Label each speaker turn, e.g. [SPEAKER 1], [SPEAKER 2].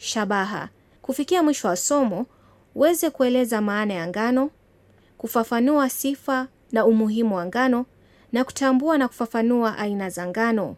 [SPEAKER 1] shabaha. Kufikia mwisho wa somo, uweze kueleza maana ya ngano, kufafanua sifa na umuhimu wa ngano na kutambua na kufafanua
[SPEAKER 2] aina za ngano.